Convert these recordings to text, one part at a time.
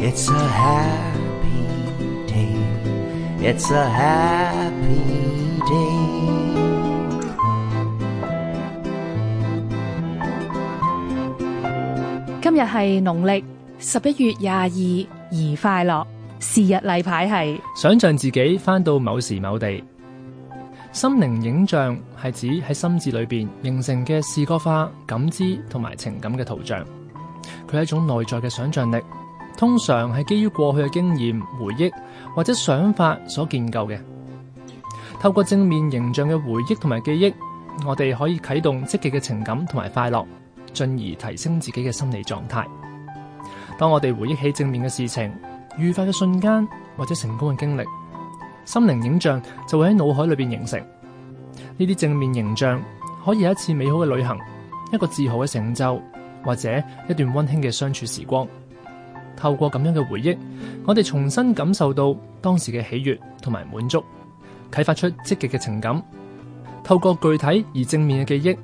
It's a happy day. It's a happy day. 今日係農曆十一月廿二，宜快樂。是日例牌係：想象自己翻到某時某地，心靈影像係指喺心智裏邊形成嘅視覺化、感知同埋情感嘅圖像。佢係一種內在嘅想象力，通常係基於過去嘅經驗、回憶或者想法所建構嘅。透過正面形象嘅回憶同埋記憶，我哋可以啟動積極嘅情感同埋快樂，進而提升自己嘅心理狀態。當我哋回憶起正面嘅事情、愉快嘅瞬間或者成功嘅經歷，心靈影像就會喺腦海裏邊形成。呢啲正面形象可以係一次美好嘅旅行，一個自豪嘅成就。或者一段溫馨嘅相處時光，透過咁樣嘅回憶，我哋重新感受到當時嘅喜悅同埋滿足，啟發出積極嘅情感。透過具體而正面嘅記憶，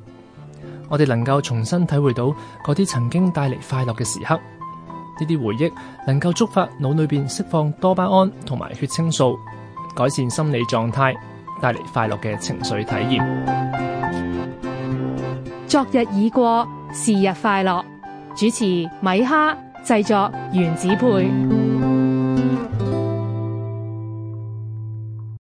我哋能夠重新體會到嗰啲曾經帶嚟快樂嘅時刻。呢啲回憶能夠觸發腦裏邊釋放多巴胺同埋血清素，改善心理狀態，帶嚟快樂嘅情緒體驗。昨日已過。是日快樂，主持米哈，製作原子配。